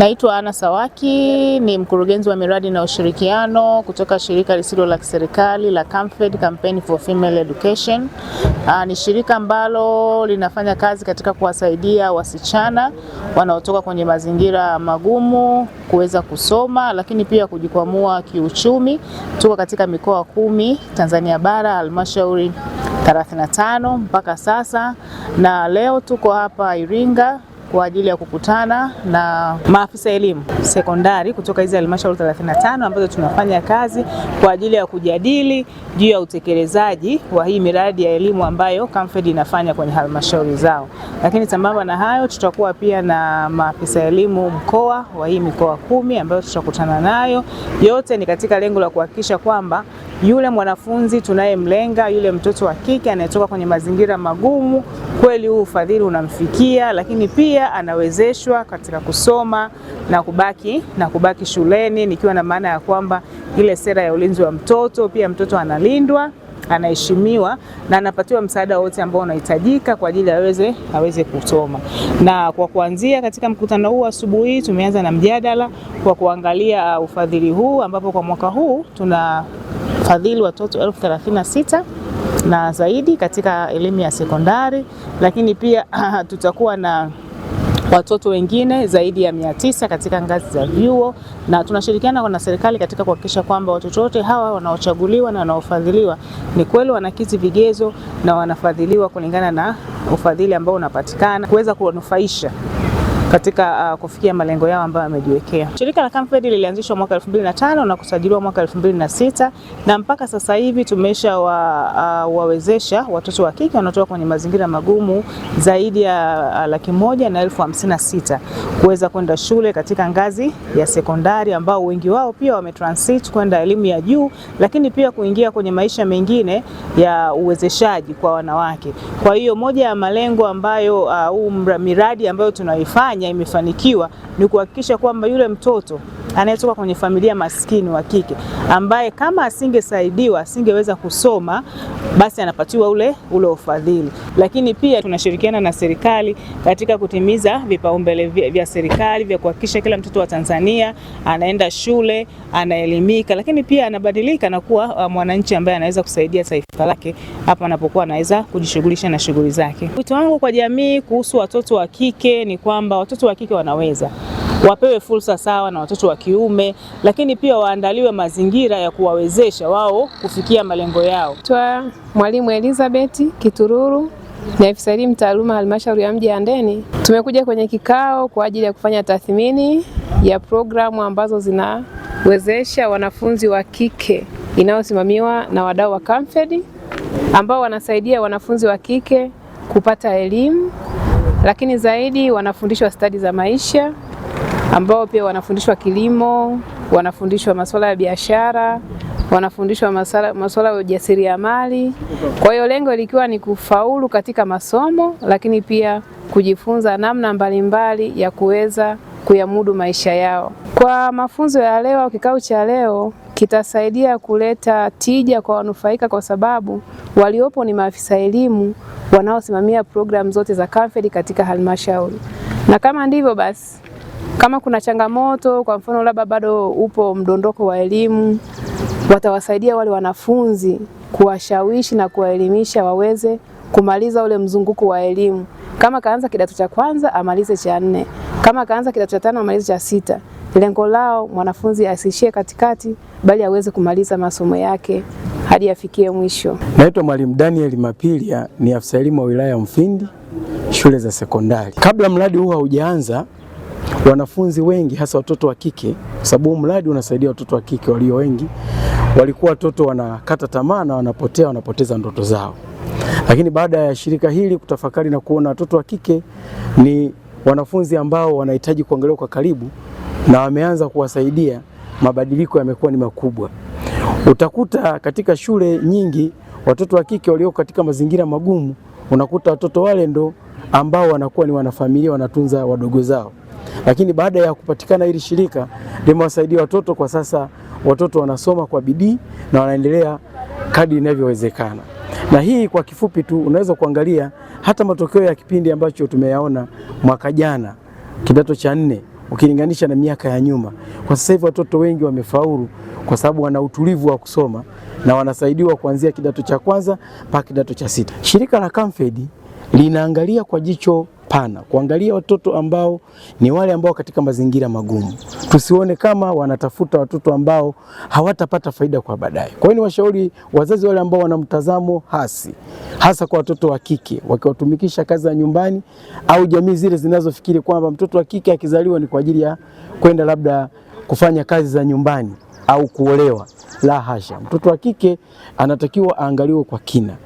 Naitwa Ana Sawaki, ni mkurugenzi wa miradi na ushirikiano kutoka shirika lisilo la kiserikali la Camfed, Campaign for Female Education. Aa, ah, ni shirika ambalo linafanya kazi katika kuwasaidia wasichana wanaotoka kwenye mazingira magumu kuweza kusoma, lakini pia kujikwamua kiuchumi. Tuko katika mikoa kumi Tanzania bara, halmashauri 35 mpaka sasa, na leo tuko hapa Iringa kwa ajili ya kukutana na maafisa elimu sekondari kutoka hizi halmashauri 35 ambazo tunafanya kazi kwa ajili ya kujadili juu ya utekelezaji wa hii miradi ya elimu ambayo Camfed inafanya kwenye halmashauri zao. Lakini sambamba na hayo, tutakuwa pia na maafisa elimu mkoa wa hii mikoa kumi ambayo tutakutana nayo. Yote ni katika lengo la kuhakikisha kwamba yule mwanafunzi tunayemlenga, yule mtoto wa kike anayetoka kwenye mazingira magumu, kweli huu ufadhili unamfikia, lakini pia anawezeshwa katika kusoma na kubaki na kubaki shuleni, nikiwa na maana ya kwamba ile sera ya ulinzi wa mtoto, pia mtoto analindwa anaheshimiwa na anapatiwa msaada wote ambao unahitajika kwa ajili aweze aweze kusoma. Na kwa kuanzia katika mkutano huu asubuhi, tumeanza na mjadala kwa kuangalia uh, ufadhili huu, ambapo kwa mwaka huu tuna kufadhili watoto elfu thelathini na sita na zaidi katika elimu ya sekondari, lakini pia tutakuwa na watoto wengine zaidi ya mia tisa katika ngazi za vyuo, na tunashirikiana na serikali katika kuhakikisha kwamba watoto wote hawa wanaochaguliwa na wanaofadhiliwa ni kweli wanakidhi vigezo na wanafadhiliwa kulingana na ufadhili ambao unapatikana kuweza kuwanufaisha katika uh, kufikia malengo yao ambayo wamejiwekea. Shirika la Camfed lilianzishwa mwaka 2005 na kusajiliwa mwaka 2006 na mpaka sasa hivi tumesha wa, uh, wawezesha watoto wa kike wanaotoka kwenye mazingira magumu zaidi ya uh, laki moja na elfu hamsini na sita kuweza kwenda shule katika ngazi ya sekondari, ambao wengi wao pia wametransit kwenda elimu ya juu, lakini pia kuingia kwenye maisha mengine ya uwezeshaji kwa wanawake. Kwa hiyo moja ya malengo ambayo uh, miradi ambayo tunaifanya imefanya imefanikiwa ni kuhakikisha kwamba yule mtoto anayetoka kwenye familia maskini wa kike ambaye kama asingesaidiwa asingeweza kusoma, basi anapatiwa ule ule ufadhili. Lakini pia tunashirikiana na serikali katika kutimiza vipaumbele vya, serikali vya kuhakikisha kila mtoto wa Tanzania anaenda shule, anaelimika, lakini pia anabadilika na kuwa uh, mwananchi ambaye anaweza kusaidia taifa lake hapo anapokuwa anaweza kujishughulisha na shughuli zake. Wito wangu kwa jamii kuhusu watoto wa kike ni kwamba watoto wa kike wanaweza wapewe fursa sawa na watoto wa kiume, lakini pia waandaliwe mazingira ya kuwawezesha wao kufikia malengo yao. Twa Mwalimu Elizabeth Kitururu ni afisa elimu taaluma halmashauri ya mji Handeni. Tumekuja kwenye kikao kwa ajili ya kufanya tathmini ya programu ambazo zinawezesha wanafunzi wa kike inayosimamiwa na wadau wa Camfed ambao wanasaidia wanafunzi wa kike kupata elimu, lakini zaidi wanafundishwa stadi za maisha ambao pia wanafundishwa kilimo, wanafundishwa masuala ya biashara, wanafundishwa masuala ya ujasiriamali. Kwa hiyo lengo likiwa ni kufaulu katika masomo, lakini pia kujifunza namna mbalimbali ya kuweza kuyamudu maisha yao. Kwa mafunzo ya leo au kikao cha leo kitasaidia kuleta tija kwa wanufaika, kwa sababu waliopo ni maafisa elimu wanaosimamia programu zote za CAMFED katika halmashauri, na kama ndivyo basi kama kuna changamoto, kwa mfano labda bado upo mdondoko wa elimu, watawasaidia wale wanafunzi kuwashawishi na kuwaelimisha waweze kumaliza ule mzunguko wa elimu. Kama kaanza kidato cha kwanza amalize cha nne, kama kaanza kidato cha tano amalize cha sita. Lengo lao mwanafunzi asishie katikati, bali aweze kumaliza masomo yake hadi afikie mwisho. Naitwa Mwalimu Daniel mapilia ni afisa elimu wa wilaya ya Mfindi, shule za sekondari. Kabla mradi huu haujaanza wanafunzi wengi hasa watoto wa kike, sababu mradi unasaidia watoto wa kike walio wengi, walikuwa watoto wanakata tamaa na wanapotea, wanapoteza ndoto zao. Lakini baada ya shirika hili kutafakari na kuona watoto wa kike ni wanafunzi ambao wanahitaji kuangaliwa kwa karibu na wameanza kuwasaidia, mabadiliko yamekuwa ni makubwa. Utakuta katika shule nyingi watoto wa kike walio katika mazingira magumu, unakuta watoto wale ndo ambao wanakuwa ni wanafamilia, wanatunza wadogo zao. Lakini baada ya kupatikana hili shirika limewasaidia watoto, kwa sasa watoto wanasoma kwa bidii na wanaendelea kadri inavyowezekana. Na hii kwa kifupi tu unaweza kuangalia hata matokeo ya kipindi ambacho tumeyaona mwaka jana kidato cha nne ukilinganisha na miaka ya nyuma. Kwa sasa hivi watoto wengi wamefaulu kwa sababu wana utulivu wa kusoma na wanasaidiwa kuanzia kidato cha kwanza mpaka kidato cha sita. Shirika la Camfed linaangalia kwa jicho pana, kuangalia watoto ambao ni wale ambao katika mazingira magumu. Tusione kama wanatafuta watoto ambao hawatapata faida kwa baadaye. Kwa hiyo ni washauri wazazi wale ambao wana mtazamo hasi, hasa kwa watoto wa kike, wakiwatumikisha kazi za nyumbani au jamii zile zinazofikiri kwamba mtoto wa kike akizaliwa ni kwa ajili ya kwenda labda kufanya kazi za nyumbani au kuolewa. La hasha, mtoto wa kike anatakiwa aangaliwe kwa kina.